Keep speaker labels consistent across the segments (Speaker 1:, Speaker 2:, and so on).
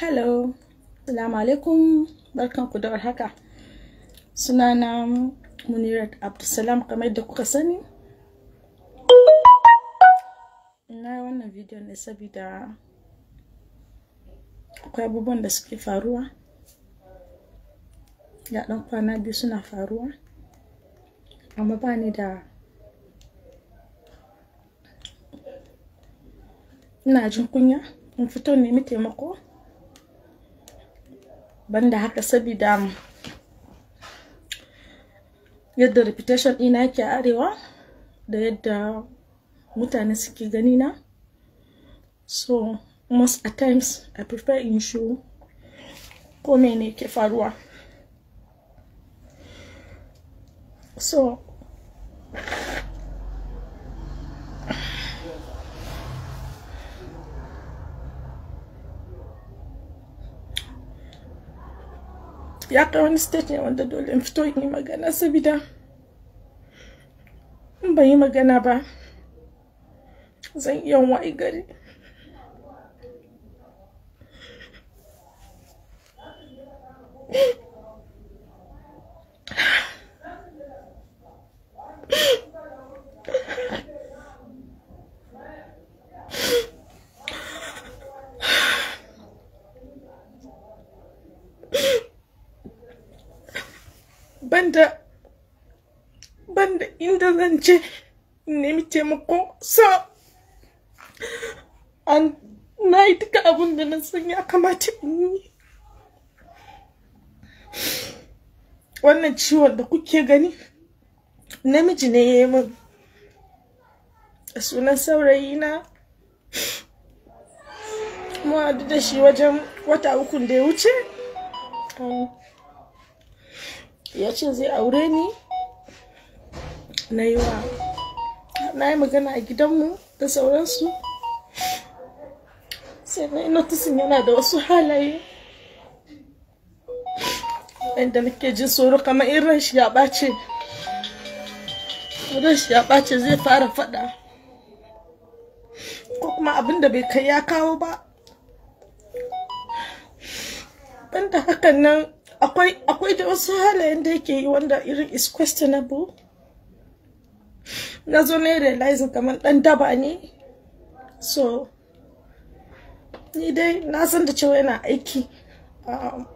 Speaker 1: hello salamu alaikum barkanku da warhaka sunana munirat abdulsalam kamar da kuka sani na wannan bidiyon ne saboda akwai abubuwan da suke faruwa ya dan kwana biyu suna faruwa amma ba ni da ina jin kunya in fito nemi taimako banda haka sabida um, yadda reputation ɗina yake arewa da yadda mutane suke gani na so most at times i prefer in show ko ne ke faruwa so ya kai wani stage ne wanda dole in fito in yi magana saboda in ban yi magana ba zan iya wa'i gari banda banda inda zan je nemi taimako sa an na yi duka abin da na san ya kamata in yi wannan ciwon da kuke gani namiji ne ya yi min sunan saurayi na mu da shi wajen wata ukun da ya wuce um, ya ce zai aure ni na yi wa na yi magana a gidanmu da sauransu sai na tusin yana da wasu halaye inda nake jin tsoro kamar irin shi ya ɓace shi ya ɓace zai fara faɗa ko kuma abin da bai kai ya kawo ba banda hakan nan akwai da wasu halayen da yake yi wanda irin is questionable na zo na kamar dan daba ne so ni dai na san da cewa yana aiki um,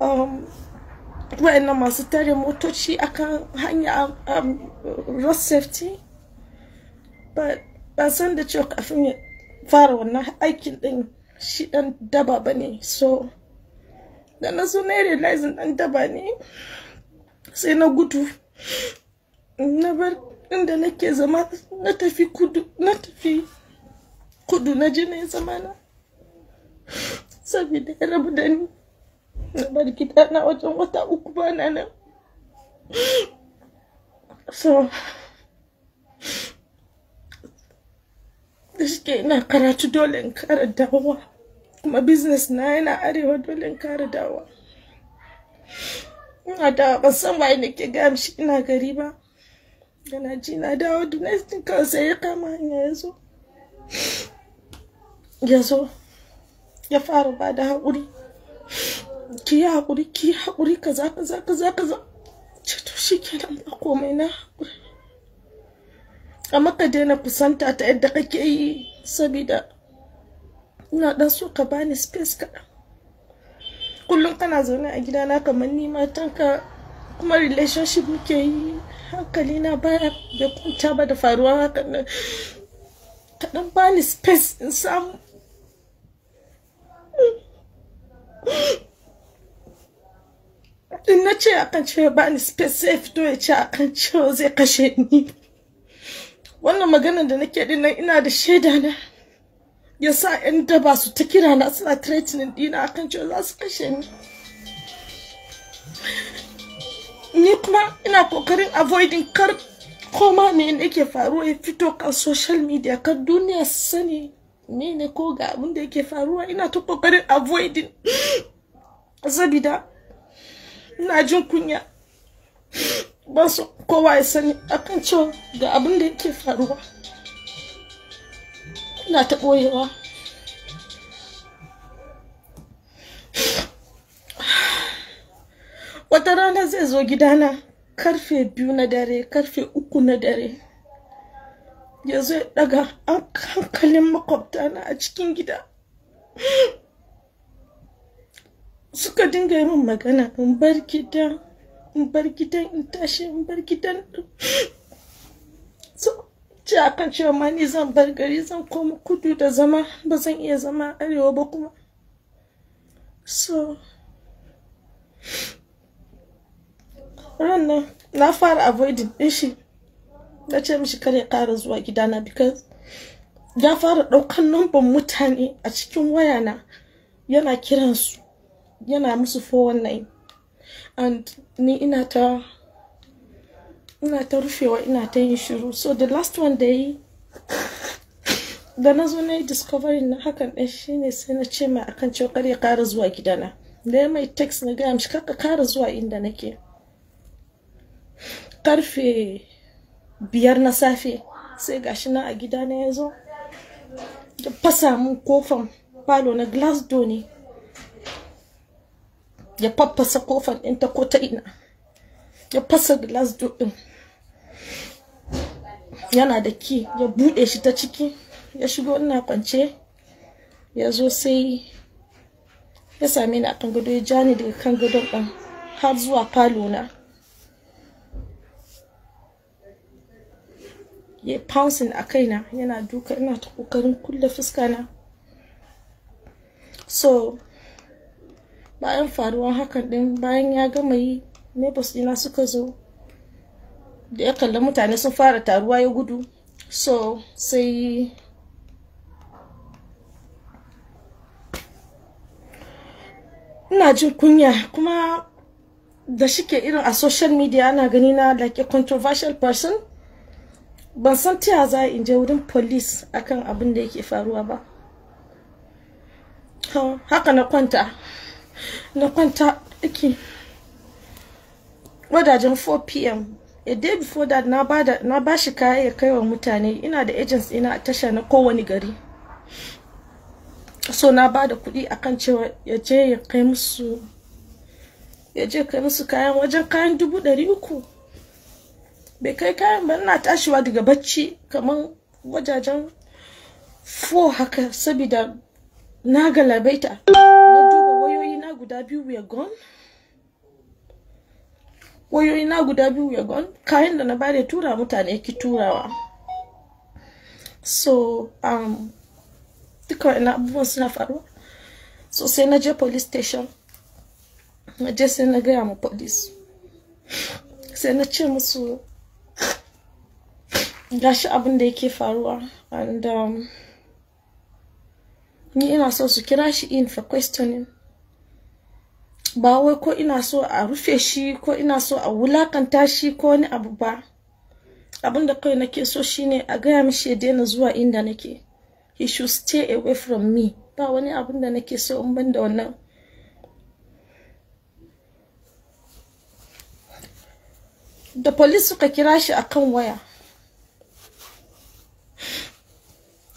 Speaker 1: um, masu tare motoci akan hanya um, road safety but ban san da cewa kafin ya fara wannan aikin din shi dan daba ba ne so da na so na yi realizing ɗan taba ne sai na gudu na bar inda nake zama na tafi kudu na tafi kudu na je na yi zama na saboda ya rabu da ni na bar gida na wajen wata uku ba na nan so da shi ina karatu dole in kara dawowa kuma business na yana arewa dole in kare dawa ina dawa ban san waye nake ga shi ina gari ba yana ji na dawo domestic kawai sai ya kama hanya ya zo ya zo ya fara ba da haƙuri ki yi haƙuri ki yi haƙuri za ka za ka ce to shi kenan ba komai na haƙuri amma ka daina kusanta ta yadda kake yi sabida ina dan so ka bani space kaɗan kullum kana zaune a gidana kamar ni matanka kuma relationship muke yi hankali na baya bai kwanta ba da faruwa haka nan kaɗan bani space in samu in na ce kan cewa bani space sai fito ya ce a kan cewa zai kashe ni wannan maganar da nake dinnan ina da shaida na ya sa 'yan daba su ta kira na suna threatening dina akan cewa za su kashe ni ni kuma ina kokarin avoiding kar koma ne yake faruwa ya fito kan social media kar duniya su sani mene ko ga abin da yake faruwa ina ta kokarin avoiding sabida ina jin kunya ba su kowa ya sani akan cewa ga abin da yake faruwa na ta ɓoyewa wata rana zai zo gidana karfe biyu na dare karfe uku na dare ya zo ya daga hankalin makwabtana a cikin gida suka dinga yi min magana in bar gidan in bar gidan in tashi in bar gidan ce akan cewa ma ni zan bar gari zan koma kudu da zama ba zan iya zama arewa ba kuma so nan na fara avoiding din shi na ce mishi ya kara zuwa gidana because ya fara ɗaukan numban mutane a cikin wayana yana kiransu yana musu 419 and ni ina ta ina ta rufewa ina ta yin shiru so the last one da yi da na zo na yi discovery na hakan ɗin shine sai na ce mai akan cewa kar ya ƙara zuwa gidana da ya mai text na gaya mishi kaka ƙara zuwa inda nake karfe biyar na safe sai gashi na a gidana ya zo da fasa mun kofan falo na glass door ne ya faffasa kofan ta ko ta ina ya fasa glass door ɗin yana da ki ya bude shi ta ciki ya shigo ina kwance ya zo sai ya same ni a kan gado ya ja ni daga kan gado ɗan har zuwa falo na ya pouncing a kaina yana duka ina ta kokarin kulle fuska na so bayan faruwar hakan din bayan ya gama yi neighbors dina suka zo da ya kalli mutane sun fara taruwa ya gudu so sai ina jin kunya kuma da shi ke irin a social media ana gani na like a controversial person ban san ta za in je wurin police akan abin da yake faruwa ba haka na kwanta na kwanta ake wadajen 4 pm a day before that na bada na bashi kaya ya kaiwa mutane ina da agents ina tasha na kowane gari so na bada kuɗi akan cewa ya je ya kai musu ya je kai musu kayan wajen kayan dubu ɗari uku bai kai kayan ba tashi tashiwa daga bacci kamar wajajen fo haka sabida na galabaita na duba wayoyi na guda biyu ya gone wayoyi na guda biyu ya gwan kayan da na bada tura mutane ki turawa so um, duka ina abubuwan suna faruwa so sai na je police station na je sai na gaya ma police sai na ce musu gashi abin da yake faruwa and um, ni ina so su kira shi in for questioning ba wai ko ina so a rufe shi ko ina so a wulakanta shi ko wani abu ba abin da kawai nake so shine a gaya mishi ya daina zuwa inda nake he should stay away from me ba wani abin da nake so in ban da wannan da police suka kira shi akan waya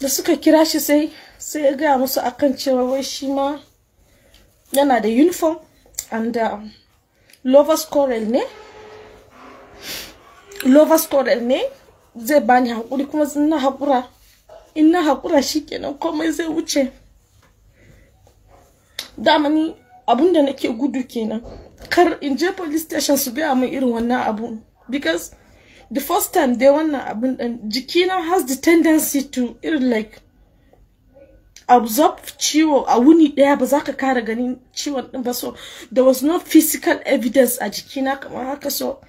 Speaker 1: da suka kira shi sai sai ya gaya musu akan cewa wai shi ma yana da uniform and uh, lovers quarrel ne lovers quarrel ne zai bani hakuri kuma ina hakura ina e hakura shikenan komai zai wuce dama ni abinda nake gudu kenan kar in je police station su biya min irin wannan abu because the first time dai wannan abun dan jikina has the tendency to irin like absorb ciwo a wuni daya ba za ka kara ganin ciwon din ba so there was no physical evidence a jikina kamar haka so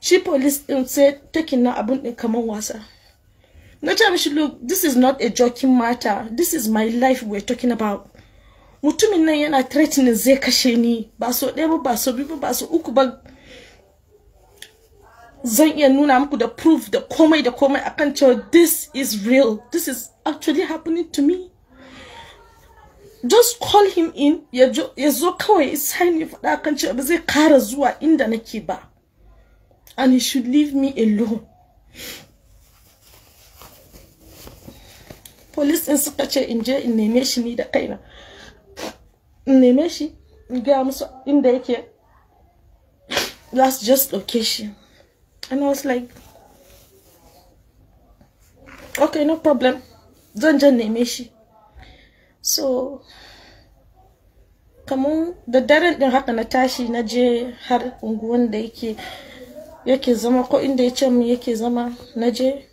Speaker 1: shi police din sai taking na abun din kamar wasa na ce mishi look this is not a joking matter this is my life we're talking about mutumin nan yana threatening zai kashe ni ba so ɗaya ba ba so biyu ba so uku ba zan iya nuna muku da proof da komai da komai akan cewa this is real this is actually happening to me just call him in ya zo kawai sign ya faɗa kan cewa ba zai ƙara zuwa inda nake ba and he should leave me alone police in suka ce in je in neme shi ni da kaina in neme shi in gaya musu inda yake last just location. and i was like okay no problem zan je neme shi so kamun da daren din haka na tashi na je har unguwan da yake yake zama ko inda ya ce mu yake zama na je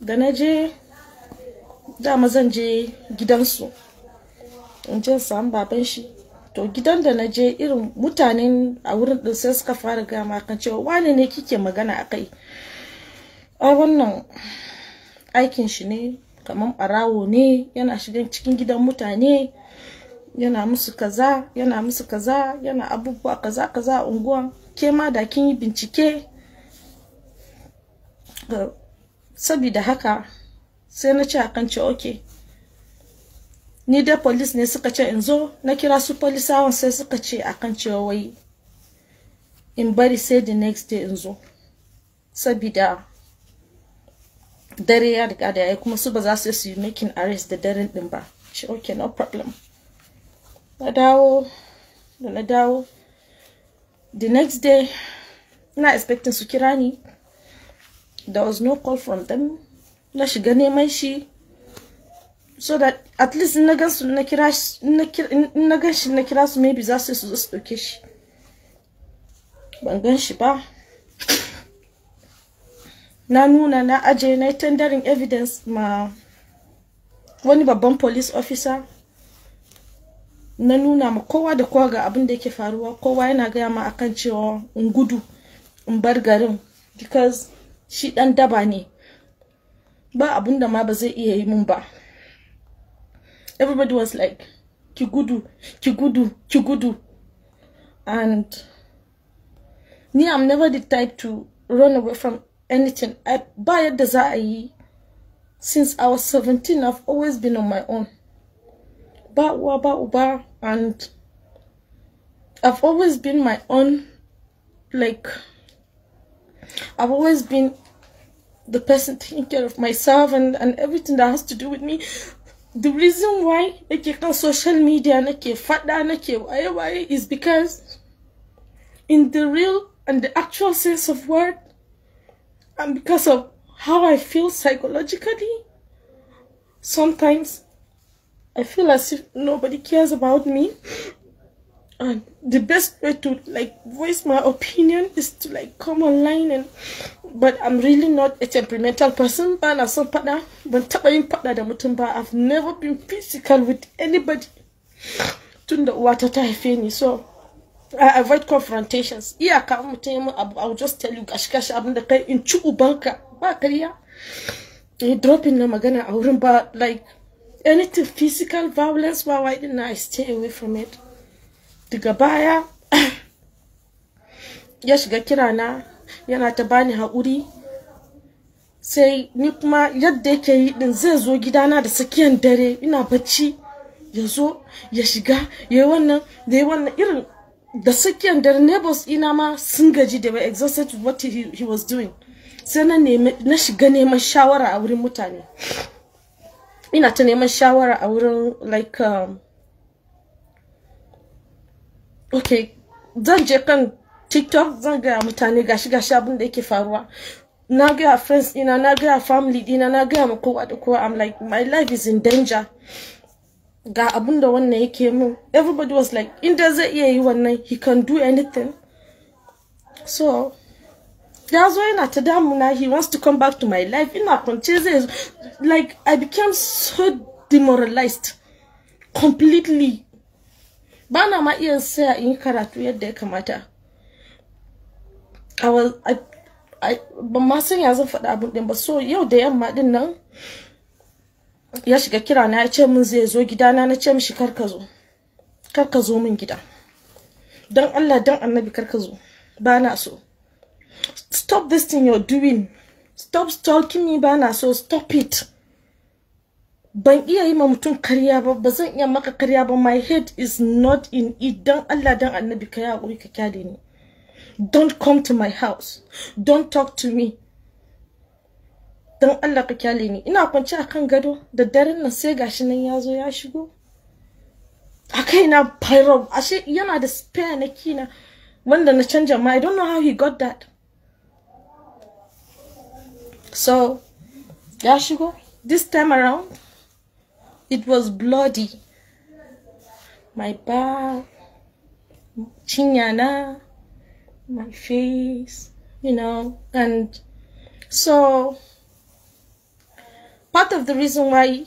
Speaker 1: da na je dama zan je gidansu in je samu baban shi to gidan da na je irin mutanen a wurin din sai suka fara gama kan cewa wane ne kike magana a kai a wannan aikin shi ne kamar barawo ne yana shigan cikin gidan mutane yana musu kaza yana musu kaza yana abubuwa kaza kaza a unguwan ke ma da kin yi bincike sabida haka sai na ce a kan ce ok ni da polis ne suka ce in zo na kira su polisawan sai suka ce a kan cewa wai in bari sai the next day in zo sabida dare ya riga da yayi kuma su ba za su su yi making arrest da daren din ba shi okay no problem na dawo da na dawo the next day ina expecting su kira ni there was no call from them na shiga neman shi so that at least in na gan su na kira in na gan shi na kira su maybe za su su dauke shi ban gan shi ba na nuna na aje na tendarin evidence ma wani babban police officer na nuna ma kowa da kowa ga abin da yake faruwa kowa yana gaya ma akan cewa in gudu in bar garin because shi dan daba ne ba abin da ma ba zai iya yi mun ba everybody was like ki gudu ki gudu ki gudu and me i'm never the type to run away from anything. I buy a desire. Since I was 17, I've always been on my own. Ba uba uba and I've always been my own like I've always been the person taking care of myself and, and everything that has to do with me. The reason why I get on social media and I get fat and I get why is because in the real and the actual sense of word and because of how I feel psychologically, sometimes I feel as if nobody cares about me. And the best way to like voice my opinion is to like come online and but I'm really not a temperamental person. But I'm but I've never been physical with anybody. so I avoid confrontations iyaka mutum yamin abu I'll just tell you gashi gashi abin da kai in ci ubanka ba karya eh, dropping na magana a wurin ba like anything physical violence ba why didn't I stay away from it daga baya ya shiga kirana yana ta bani haƙuri sai ni kuma yadda yake yi din zai zo gidana da tsakiyar dare ina bacci ya zo ya shiga ya yi wannan da ya wannan irin da da neighbors ina ma sun gaji da were exhausted with what he, he was doing sai na na shiga neman shawara a wurin mutane ina ta neman shawara a wurin like um, okay zan je kan tiktok zan gaya mutane gashi gashi abin da yake faruwa na gaya friends ina na gaya family dina na gaya ma kowa da kowa i'm like my life is in danger ga abun da wannan yake min everybody was like inda zai iya yi wannan he can do anything so that's why zo yana ta damuna he wants to come back to my life ina kwance zai like i became so demoralized completely ba na ma iya saya in karatu yadda ya kamata i was i ban ma san ya zan faɗa abin ɗin ba so yau da yamma ɗin nan ya shiga kira na ya ce min zai zo gidana na ce mishi karka zo karka zo min gida don Allah don annabi karka zo ba na so stop this thing you're doing stop stalking me ba na so stop it ban iya yi ma mutum karya ba ba zan iya maka karya ba my head is not in it dan Allah dan annabi ka ya ka kyale ni don't come to my house don't talk to me don Allah ka kyale ni ina kwance akan gado da daren nan sai gashi nan ya zo ya shigo a kaina pyro ashe yana da spare na kina wanda na canja ma I don't know how he got that so ya shigo this time around it was bloody my back chinyana my face you know and so part of the reason why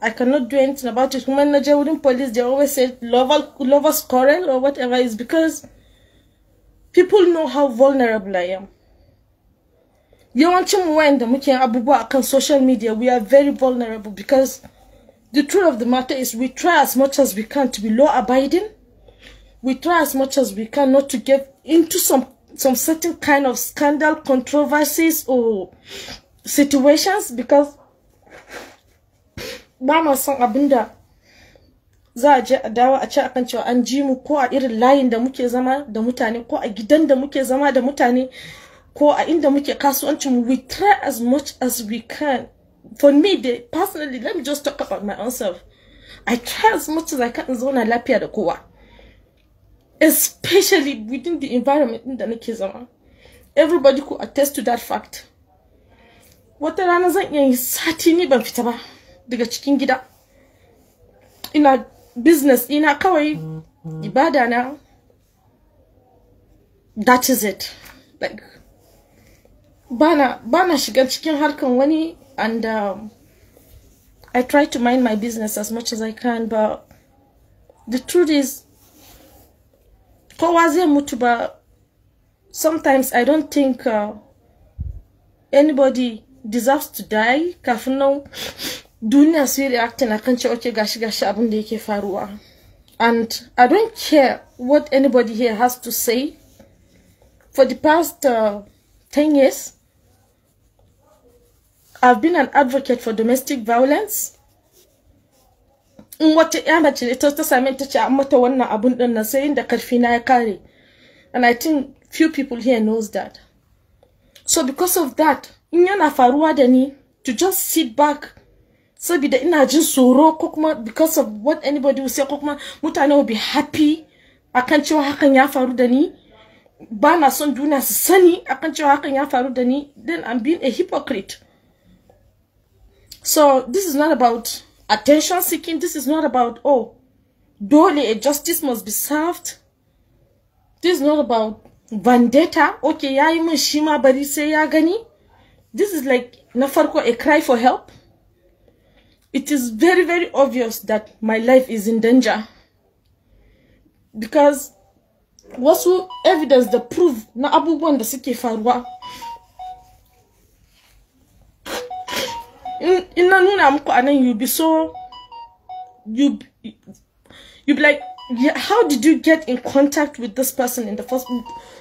Speaker 1: I cannot do anything about it. Human Nigerian police, they always say lover, lover's quarrel or whatever is because people know how vulnerable I am. You Yawancin wanda muke abubuwa on social media, we are very vulnerable because the truth of the matter is we try as much as we can to be law-abiding. We try as much as we can not to get into some, some certain kind of scandal, controversies or situations because ba ma son abin da za a je a dawo a ci akan cewa an ji mu ko a irin layin da muke zama da mutane ko a gidan da muke zama da mutane ko a inda muke kasuwancin we try as much as we can for me personally let me just talk about my own self I try as much as I can in zauna lafiya da kowa especially within the environment din da nake zama everybody could attest to that fact wata rana zan iya yi sati ni ban fita ba daga cikin gida ina business ina kawai ibada na that is it like bana bana shiga cikin harkan wani and um, I try to mind my business as much as I can but the truth is kowa zai mutu ba sometimes I don't think uh, anybody deserves to die kafin duniya su yi reacting akan cewa okay gashi gashi abin da yake faruwa and i don't care what anybody here has to say for the past uh, 10 years i've been an advocate for domestic violence in what ya mace ne ta same ta ce an mata wannan abun din nan sai inda karfi na ya kare and i think few people here knows that so because of that in yana faruwa da ni to just sit back saboda ina jin tsoro ko because of what anybody will say ko kuma mutane will be happy akan cewa hakan ya faru da ni ba na son duniya su sani akan cewa hakan ya faru da ni then I'm being a hypocrite so this is not about attention seeking this is not about oh dole a justice must be served this is not about vendetta okay yayi min shi ma bari sai ya gani this is like na farko a cry for help it is very, very obvious that my life is in danger. Because what's wasu evidence the proof na abu da suke farwa In na nuna muku anan you be so, you you be like, yeah, how did you get in contact with this person in the first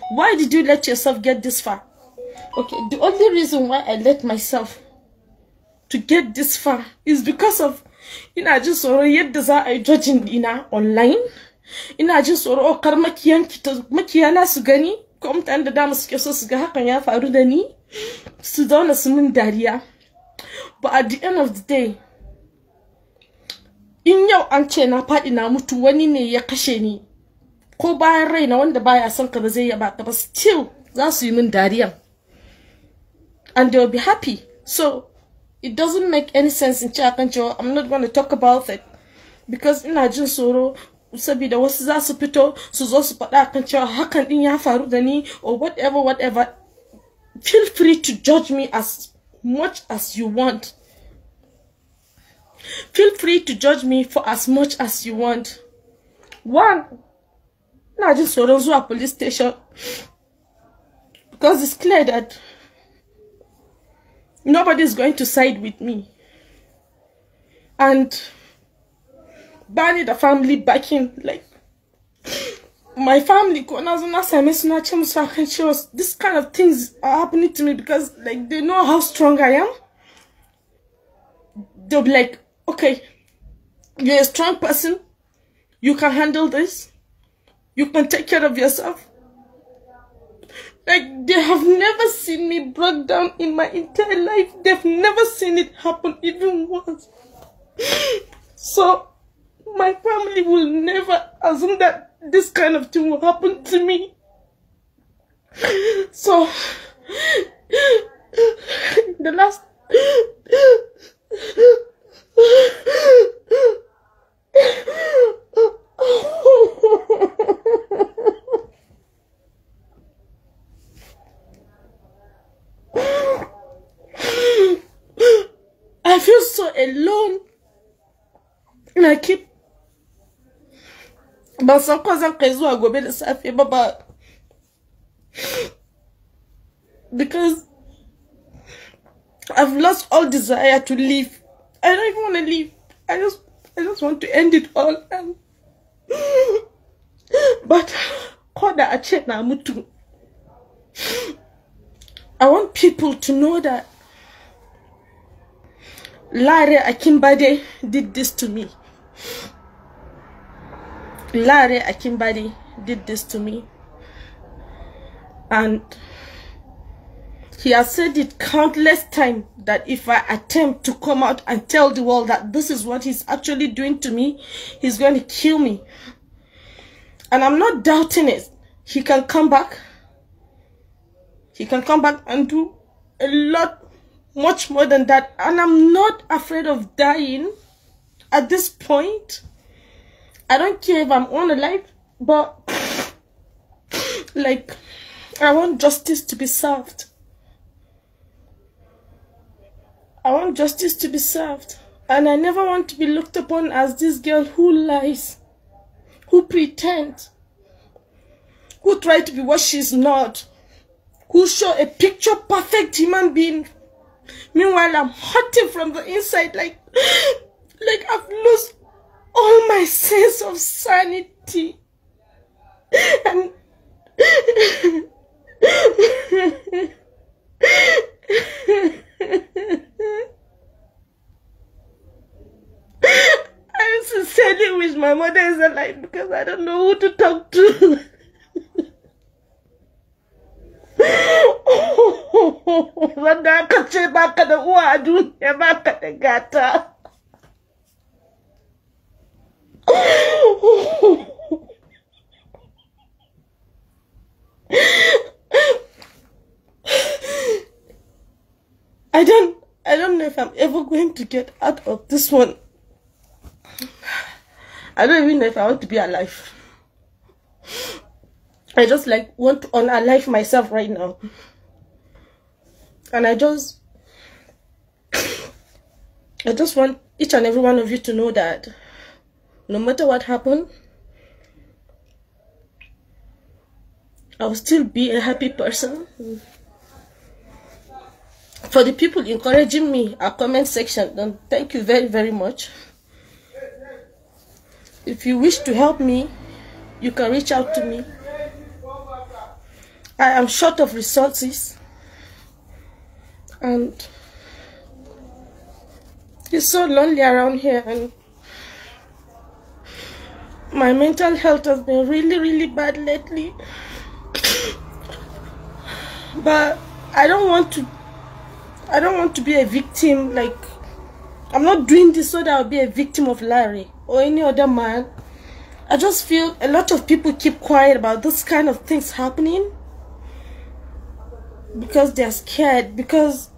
Speaker 1: Why did you let yourself get this far? Okay, the only reason why I let myself to get this far is because of ina jin tsoro yadda za a yi judging dina online ina jin tsoro oh, kar makiyana su gani ko mutane da dama suke so su ga hakan ya faru da ni su zauna su min dariya but at the end of the day in yau an ce na faɗi na mutu wani ne ya kashe ni ko bayan raina wanda baya son ka ba zai yaba ka ba still za su yi min dariya and they will be happy so It doesn't make any sense in Chakancho. I'm not going to talk about it. Because in jin tsoro saboda wasu za su fito su zo su faɗa kan hakan ɗin ya or whatever whatever feel free to judge me as much as you want feel free to judge me for as much as you want one ina jin tsoron police station because it's clear that Nobody's going to side with me. And Barney, the family backing, like, my family, this kind of things are happening to me because, like, they know how strong I am. They'll be like, okay, you're a strong person. You can handle this. You can take care of yourself. Like they have never seen me broke down in my entire life. They've never seen it happen even once. So my family will never assume that this kind of thing will happen to me. So the last I feel so alone. And I keep but some cause I basa kwanza nkaizua gobele safi baba because I've lost all desire to live. I don't even want to live. I just I just want to end it all and but I want people to know that Larry Akimbade did this to me. Larry Akimbade did this to me. And he has said it countless times that if I attempt to come out and tell the world that this is what he's actually doing to me, he's going to kill me. And I'm not doubting it. He can come back. He can come back and do a lot much more than that. And I'm not afraid of dying at this point. I don't care if I'm on alive, but like, I want justice to be served. I want justice to be served. And I never want to be looked upon as this girl who lies, who pretends, who tries to be what she's not, who show a picture perfect human being Meanwhile, I'm hurting from the inside like, like I've lost all my sense of sanity. And I'm sincerely wish my mother is alive because I don't know who to talk to. I don't I don't know if I'm ever going to get out of this one. I don't even know if I want to be alive. I just like want to unalive myself right now. And I just I just want each and every one of you to know that no matter what happened, I'll still be a happy person. For the people encouraging me, our comment section, then thank you very, very much. If you wish to help me, you can reach out to me. I am short of resources and it's so lonely around here and my mental health has been really really bad lately but I don't want to I don't want to be a victim like I'm not doing this so that I'll be a victim of Larry or any other man I just feel a lot of people keep quiet about those kind of things happening because they're scared, because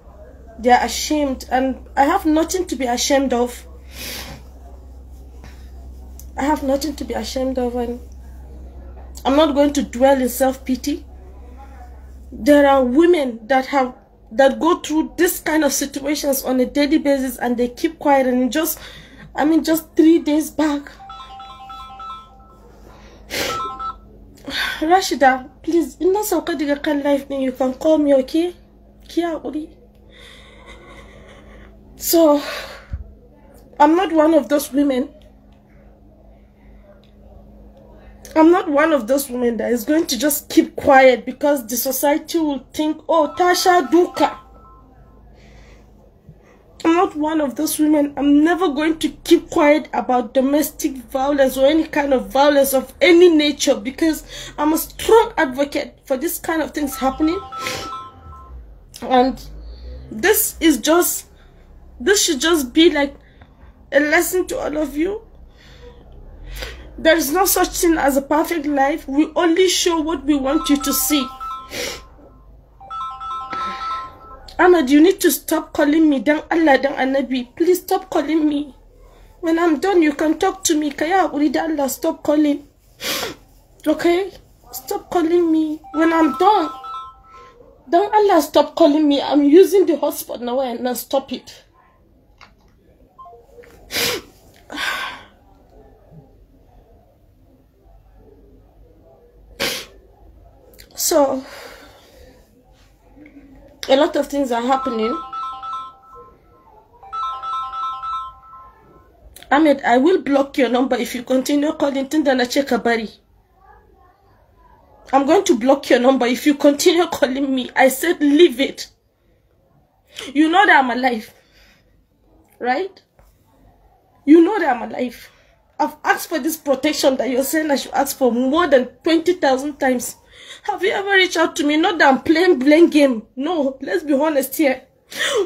Speaker 1: they're ashamed, and I have nothing to be ashamed of. I have nothing to be ashamed of, and I'm not going to dwell in self pity. There are women that have that go through this kind of situations on a daily basis and they keep quiet and just I mean just three days back Rashida, please, in na so daga kan live din, you can call me, okay? Ki uri? So, I'm not one of those women. I'm not one of those women that is going to just keep quiet because the society will think, oh, Tasha Duka. I'm not one of those women. I'm never going to keep quiet about domestic violence or any kind of violence of any nature because I'm a strong advocate for this kind of things happening. And this is just, this should just be like a lesson to all of you. There is no such thing as a perfect life. We only show what we want you to see. Anad, you need to stop calling me. Dan Allah, dan Anabi. Please stop calling me. When I'm done, you can talk to me. Kaya Urida Allah, stop calling. Okay? Stop calling me. When I'm done, dan Allah, stop calling me. I'm using the hotspot now and now stop it. so a lot of things are happening Ahmed, I will block your number if you continue calling Tindana Chekabari. I'm going to block your number if you continue calling me. I said leave it. You know that I'm alive. Right? You know that I'm alive. I've asked for this protection that you're saying I should ask for more than 20,000 times. Have you ever reached out to me? Not that I'm playing blame game. No, let's be honest here.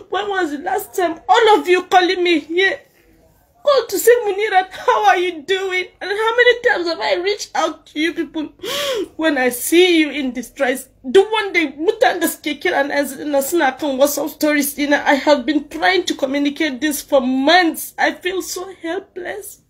Speaker 1: When was the last time all of you calling me here? Call to say, Munira, how are you doing? And how many times have I reached out to you people when I see you in distress? Do one day, Mutangas kicking, and Nasina what's up, stories. You know, I have been trying to communicate this for months. I feel so helpless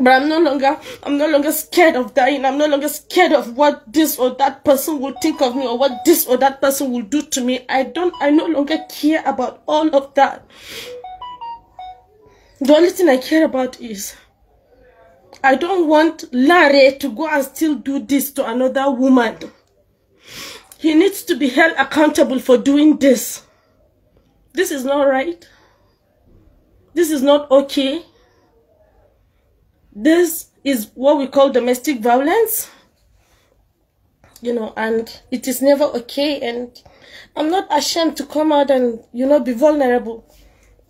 Speaker 1: but i'm no longer i'm no longer scared of dying i'm no longer scared of what this or that person will think of me or what this or that person will do to me i don't i no longer care about all of that the only thing i care about is i don't want larry to go and still do this to another woman he needs to be held accountable for doing this this is not right this is not okay this is what we call domestic violence you know and it is never okay and i'm not ashamed to come out and you know be vulnerable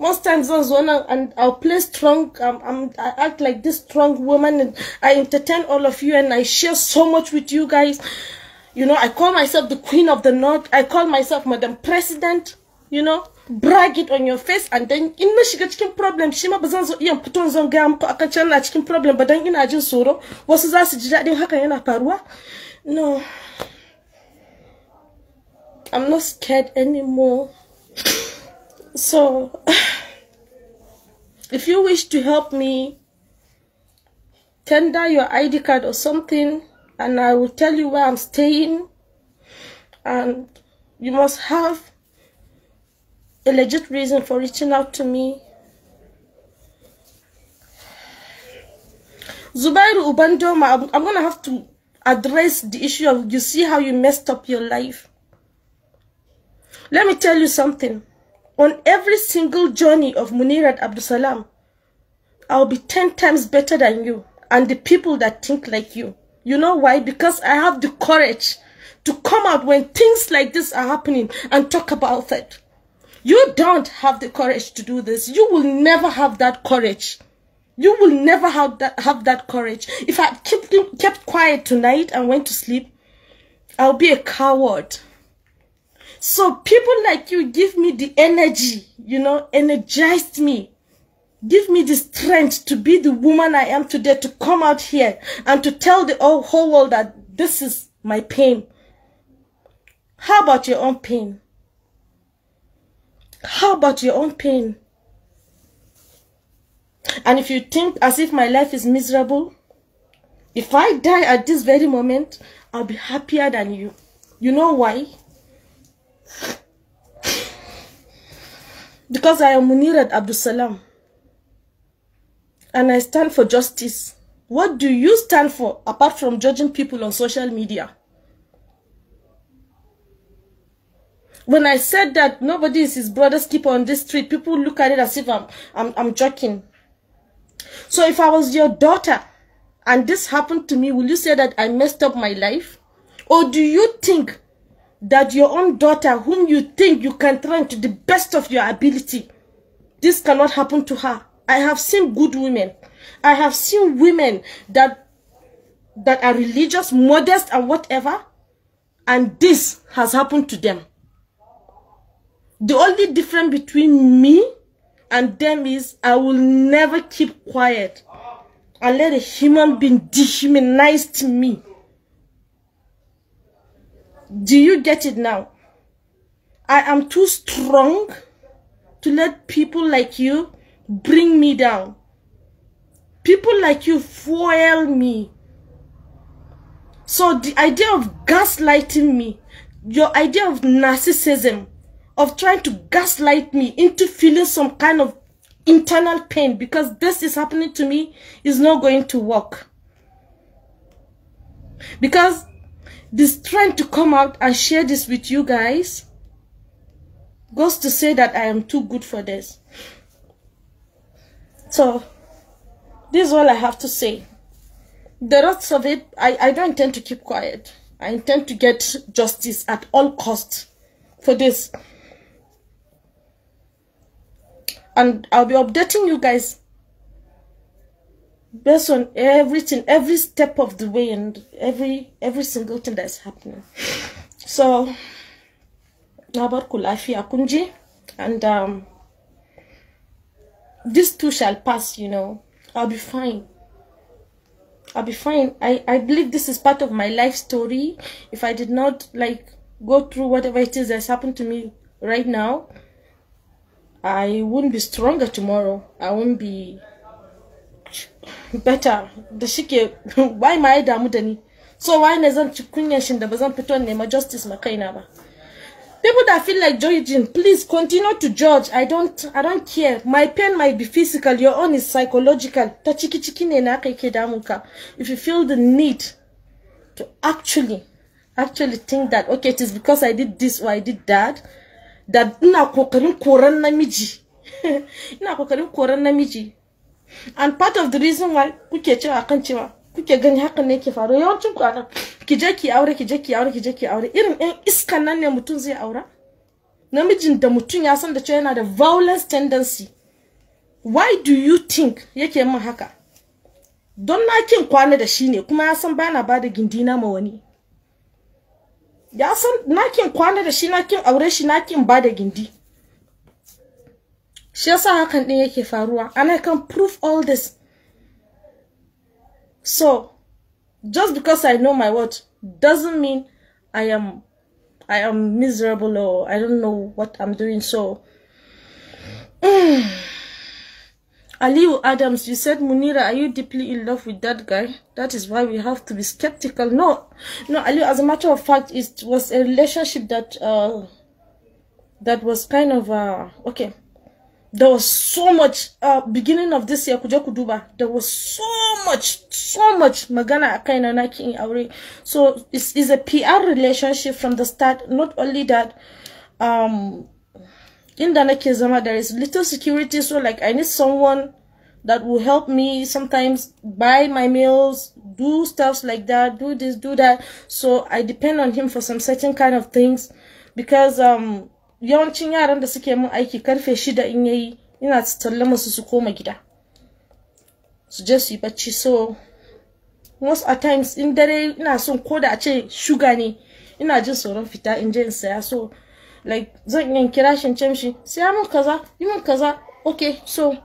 Speaker 1: most times those when I, and I'll play strong, um, I'm, I act like this strong woman and I entertain all of you and I share so much with you guys. You know, I call myself the queen of the north. I call myself Madam President, you know brag it on your face and then in na shiga cikin problem shi ma ba zan zo iya fito zan gaya muku akan can na cikin problem ba dan ina jin tsoro wasu za su ji daɗin hakan yana faruwa no I'm not scared anymore so if you wish to help me tender your ID card or something and I will tell you where I'm staying and you must have a legit reason for reaching out to me. Zubairu Ubandoma, I'm going to have to address the issue of you see how you messed up your life. Let me tell you something. On every single journey of Munirat Abdusalam, I'll be 10 times better than you and the people that think like you. You know why? Because I have the courage to come out when things like this are happening and talk about it. You don't have the courage to do this. You will never have that courage. You will never have that, have that courage. If I kept, kept quiet tonight and went to sleep, I'll be a coward. So people like you give me the energy, you know, energized me. Give me the strength to be the woman I am today, to come out here and to tell the whole world that this is my pain. How about your own pain? How about your own pain? And if you think as if my life is miserable, if I die at this very moment, I'll be happier than you. You know why? Because I am Munirat Abdul Salam. And I stand for justice. What do you stand for apart from judging people on social media? when I said that nobody is his brother's keeper on this street, people look at it as if I'm, I'm, I'm joking. So if I was your daughter and this happened to me, will you say that I messed up my life? Or do you think that your own daughter, whom you think you can train to the best of your ability, this cannot happen to her? I have seen good women. I have seen women that that are religious, modest, and whatever, and this has happened to them. The only difference between me and them is I will never keep quiet. I let a human being dehumanize me. Do you get it now? I am too strong to let people like you bring me down. People like you foil me. So the idea of gaslighting me, your idea of narcissism, of trying to gaslight me into feeling some kind of internal pain because this is happening to me is not going to work. Because this strength to come out and share this with you guys goes to say that I am too good for this. So, this is all I have to say. The rest of it, I, I don't intend to keep quiet. I intend to get justice at all costs for this and I'll be updating you guys based on everything, every step of the way and every every single thing that's happening. So now about Kulafi Akunji and um this too shall pass, you know. I'll be fine. I'll be fine. I, I believe this is part of my life story. If I did not like go through whatever it is that's happened to me right now, I won't be stronger tomorrow. I won't be better. The shike why my ya damu So why ne zan ci kunyan shin da ba nema justice ma ba. People that feel like judging, please continue to judge. I don't I don't care. My pain might be physical, your own is psychological. Ta chiki chiki ne na kai ke If you feel the need to actually actually think that okay, it is because I did this or I did that da ina kokarin koran namiji ina kokarin koran namiji and part of the reason why kuke cewa kan cewa kuke gani haka ne yake faru yawancin ku anan ki je ki aure ki je ki aure ki je ki aure irin ɗan iskan nan ne mutum zai aura namijin da mutum ya san da cewa yana da violence tendency why do you think yake min haka don na kin kwana da shi ne kuma ya san bana bada gindina ma wani ya san nakin kwana da shi nakin aure shi nakin ba da gindi shi yasa hakan din yake faruwa and i can prove all this so just because i know my word doesn't mean i am i am miserable or i don't know what i'm doing so mm. Aliu Adams, you said, Munira, are you deeply in love with that guy? That is why we have to be skeptical. No, no, Aliu, as a matter of fact, it was a relationship that, uh, that was kind of, uh, okay. There was so much, uh, beginning of this year, Kujoku Duba, there was so much, so much Magana Akaina Naki in Aure. So it's, it's a PR relationship from the start. Not only that, um, inda nake zama there is little security so like i need someone that will help me sometimes buy my meals do stuff like that do this do that so i depend on him for some certain kind of things because um yawancin yaran da suke mun aiki karfe shida in yayi ina talle musu su koma gida su je su yi bacci so most a times in dare ina son ko da a ce shuga ne ina jin tsoron fita in je in saya so like zan yin kira shi ce mishi siya min kaza yi mun kaza okay so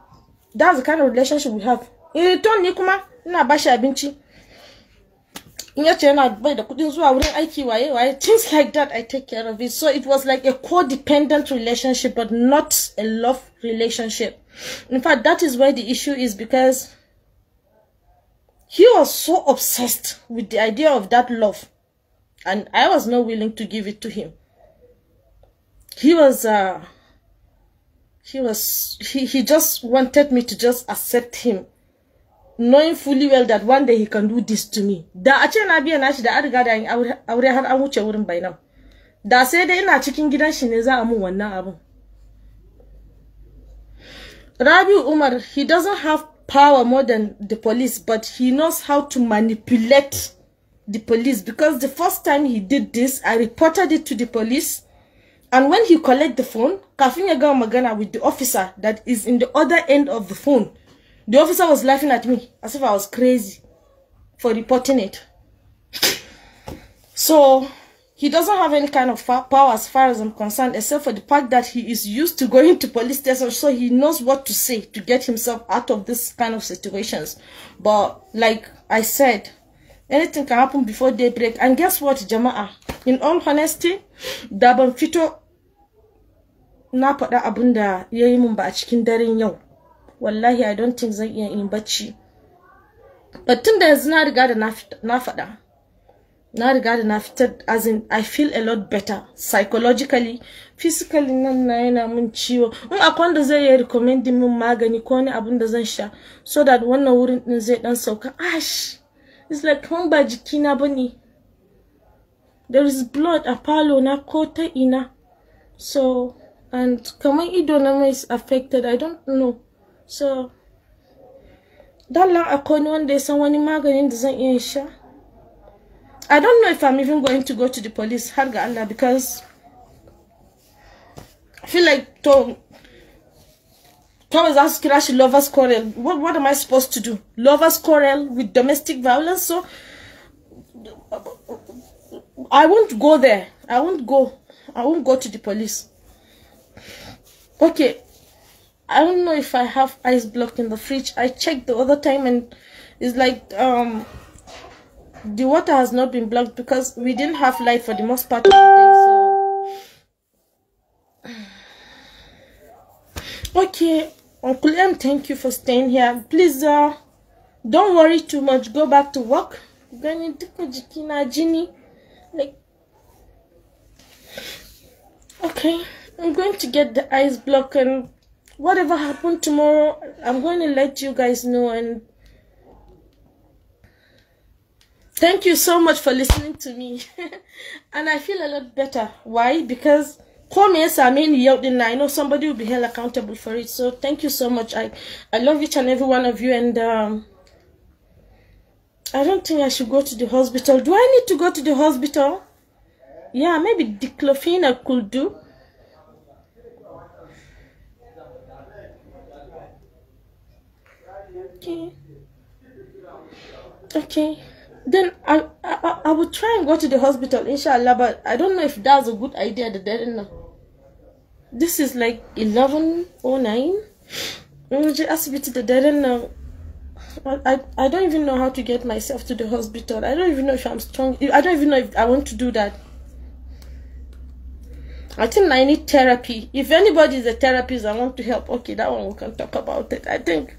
Speaker 1: that's the kind of relationship we have in eh, return ni kuma ina bashi abinci in yace yana bai da kudin zuwa wurin aiki waye waye things like that i take care of it so it was like a codependent relationship but not a love relationship in fact that is where the issue is because he was so obsessed with the idea of that love and i was not willing to give it to him he was uh, he was he, he just wanted me to just accept him knowing fully well that one day he can do this to me da a na biya nashi da an riga da aure har an wuce wurin bai nan da sai dai ina cikin gidan shi ne za a mun wannan abun Rabi Umar he doesn't have power more than the police but he knows how to manipulate the police because the first time he did this I reported it to the police and when he collect the phone, Kafinyega Magana with the officer that is in the other end of the phone, the officer was laughing at me as if I was crazy for reporting it. So he doesn't have any kind of power as far as I'm concerned, except for the fact that he is used to going to police stations, so he knows what to say to get himself out of this kind of situations. But like I said, anything can happen before daybreak. And guess what, Jama'a? In all honesty, Daban Fito na faɗa abin da ya yi min ba a cikin daren yau wallahi i don't think zan iya yin bacci tun da yanzu na riga da na faɗa na riga da na fitar as in i feel a lot better psychologically physically nan na yana min ciwo in akwai wanda zai yi recommending min magani ko wani abin da zan sha so that wannan wurin din zai dan sauka ash it's like kaman ba jikina bane there is blood a palo na ko ta ina so and Kamai Idonama is affected. I don't know. So, Dalla akwai wanda ya san wani maganin da zan iya sha. I don't know if I'm even going to go to the police, Harga Allah, because I feel like Tom to Thomas has crash lovers quarrel. What what am I supposed to do? Lovers quarrel with domestic violence. So I won't go there. I won't go. I won't go to the police okay i don't know if i have ice block in the fridge i checked the other time and it's like um the water has not been blocked because we didn't have light for the most part of the day so okay uncle m thank you for staying here please uh don't worry too much go back to work okay I'm going to get the eyes blocked, and whatever happened tomorrow, I'm going to let you guys know. And thank you so much for listening to me. and I feel a lot better. Why? Because comments I mean yelled in I know somebody will be held accountable for it. So thank you so much. I, I love each and every one of you. And um, I don't think I should go to the hospital. Do I need to go to the hospital? Yeah, maybe diclofenac could do. okay okay then I, I i will try and go to the hospital inshallah but i don't know if that's a good idea that then this is like 1109 or 9 asibiti da daren I, I don't even know how to get myself to the hospital. I don't even know if I'm strong. I don't even know if I want to do that. I think I need therapy. If anybody is a therapist, I want to help. Okay, that one we can talk about it. I think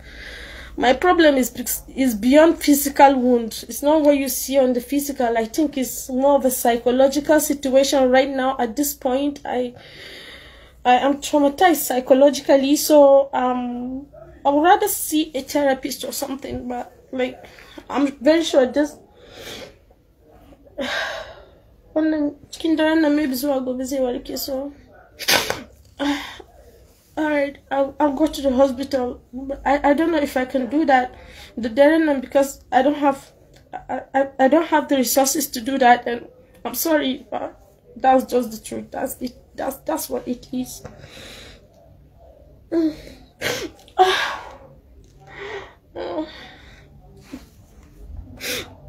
Speaker 1: my problem is is beyond physical wound it's not what you see on the physical i think it's more of a psychological situation right now at this point i i am traumatized psychologically so um i would rather see a therapist or something but like i'm very sure just so all right I'll, I'll go to the hospital I, I don't know if i can do that the deadline because i don't have I, I, I don't have the resources to do that and i'm sorry but that's just the truth that's it that's that's what it is oh. Oh.